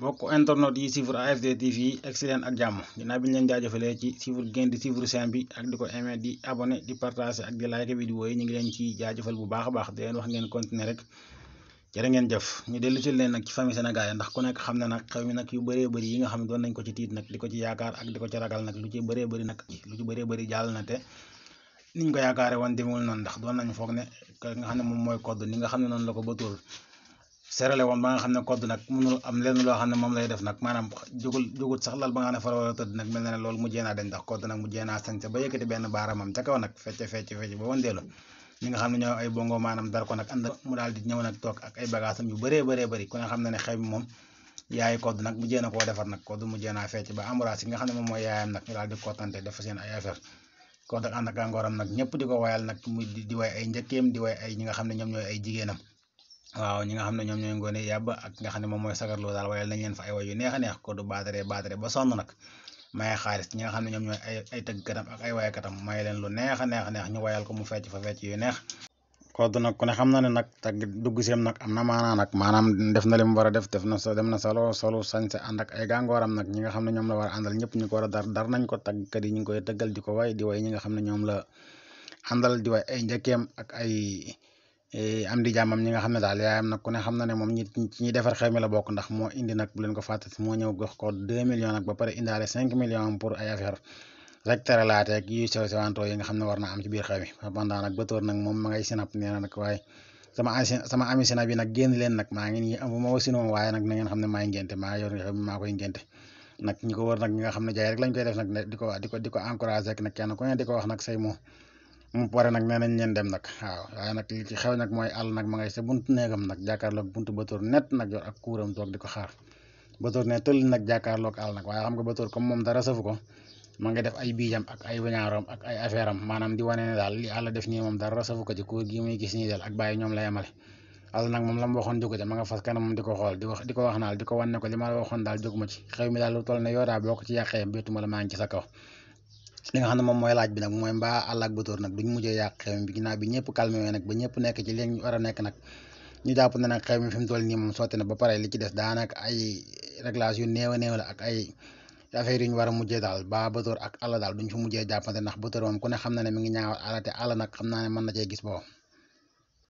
mbokk internet yi suivre AFD TV egsi leen ak jàmm ginnaaw bi ñu leen jaajëfalee ci suivre génn di suivre chaîne bi ak di ko aimé di abonné di partager ak di like vidéo yi ñu ngi leen ci jaajëfal bu baax baax di wax ngeen continuer rek jërë ngeen jëf ñu dellu ci leen nag ci famille Sénégal yi ndax ku nekk xam ne nag xew mi nag yu bëree bëri yi nga xam ne doon nañ ko ci tiit nag di ko ci yaakaar ak di ko ci ragal nag lu ci bëree bëri nag lu ci bëree bëri jàll na te niñ ko yaakaare woon demul noonu ndax doon nañ foog ne nga xam ne moom mooy kodd nga xam ne noonu la ko ba serale woon ba nga xam ne kodd nag mënul am loo xam ne moom lay def nag maanaam jugul jugut sax lal ba nga xam ne fa la war a tëdd nag mel na ne loolu mujjee naa dañ ndax kodd nag mujjee naa sañ sa ba yëkkati benn baaramam ca kaw nag mu daal di ñëw nag toog ak ay bagaasam yu bëree bëree bëri ku ne xam ne ne xew moom yaay kodd nag mujjee na koo defar nag kodd mujjee naa fecc ba amuraas yi nga xam ne moom mooy yaayam nag ñu daal di kontante def seen ay affaire kodd ak ànd ngooram nag ñëpp di ko wayal nag mu di way ay njëkkeem di way ay ñi nga xam ne ñoom ñooy ay jigéenam waaw ñi nga xam ne ñoom ñooy ngoone yàbb ak nga xam ne moom mooy sagar loo daal waaye lañ neex a neex ko du baatare baatare ba sonn nag maye xaalis ñi xam ne ñoom ñooy ay ay tëggkatam ak ay wayakatam maye leen lu neex neex a neex ñu wayal ko mu fecc fa fecc yu neex koddu nag ne na ne nag dugg seem nag am na maanaa nag maanaam def na li mu war a def def na dem na solo solo sañse ànd ak ay gàngooram nag ñi nga xam ne ñoom la war a àndal ñëpp ñu ko war a dar dar nañ ko tàggkat yi ñu ngi koy tëggal di ko way di way ñi xam ne ñoom la àndal di way ay njëkkeem ak ay Eh, am di jàmmam ñi nga xam ne daal yaayam nag ku xam na ne moom ñi ci ñi defar xew mi la bokk ndax moo indi nag bu leen ko fàttati moo ñëw gox ko deux millions nag ba pare indaale cinq millions am pour ay affaire rek tere laateeg yu sew sewantoo yi nga xam ne war na am ci biir xew mi pendant nag ba tóor nag moom ma ngay sinap nee na nag waaye sama sama ami sinap yi nag leen nag maa ngi nii amuma wasinu moom waaye nag na ngeen xam ne maay ngénte maa yor xew mi maa koy ko wër nag ñi nga xam ne jaay rek lañ def nag di ko di ko di ko encouragé ko wax nag say mu pare nag nee nañ leen dem nag waaw waaye nag li ci xew nag mooy àll nag ma ngay sa buntu néegam nag jàkkaarloog buntu net nag yor ak kuuram toog di ko xaar batoor ne dara safu ko def ay biijam ak ay wañaaroom ak ay affaire am maanaam di wane ne daal li def nii moom dara safu ci kuur gi muy gis daal ak bàyyi ñoom la yemale àll nag moom la mu waxoon jógu ca ma nga fas xool di wax di ko ko wan ne daal jógu ma xew mi daal lu toll ne yow daa ci yàqee bétuma la maa li nga xam ne moom mooy laaj bi nag mooy mbaa àll ak bëtóor nag duñ mujjee yàq xew mi bi ñëpp calmé wee nag ba ñëpp nekk ci li ñu war a nekk nag ñu jàpp ne nag xew mi fi mu toll nii moom sotti na ba pare li ci des daanaka ay réglage yu néew a néew la ak ay affaire yu ñu war mujjee daal ba bëtóor ak àll daal duñ fi mujjee jàppante ndax bëtóor moom ku ne xam na ne mu ngi ñaawal àll te àll nag xam naa ne mën na cee gis boo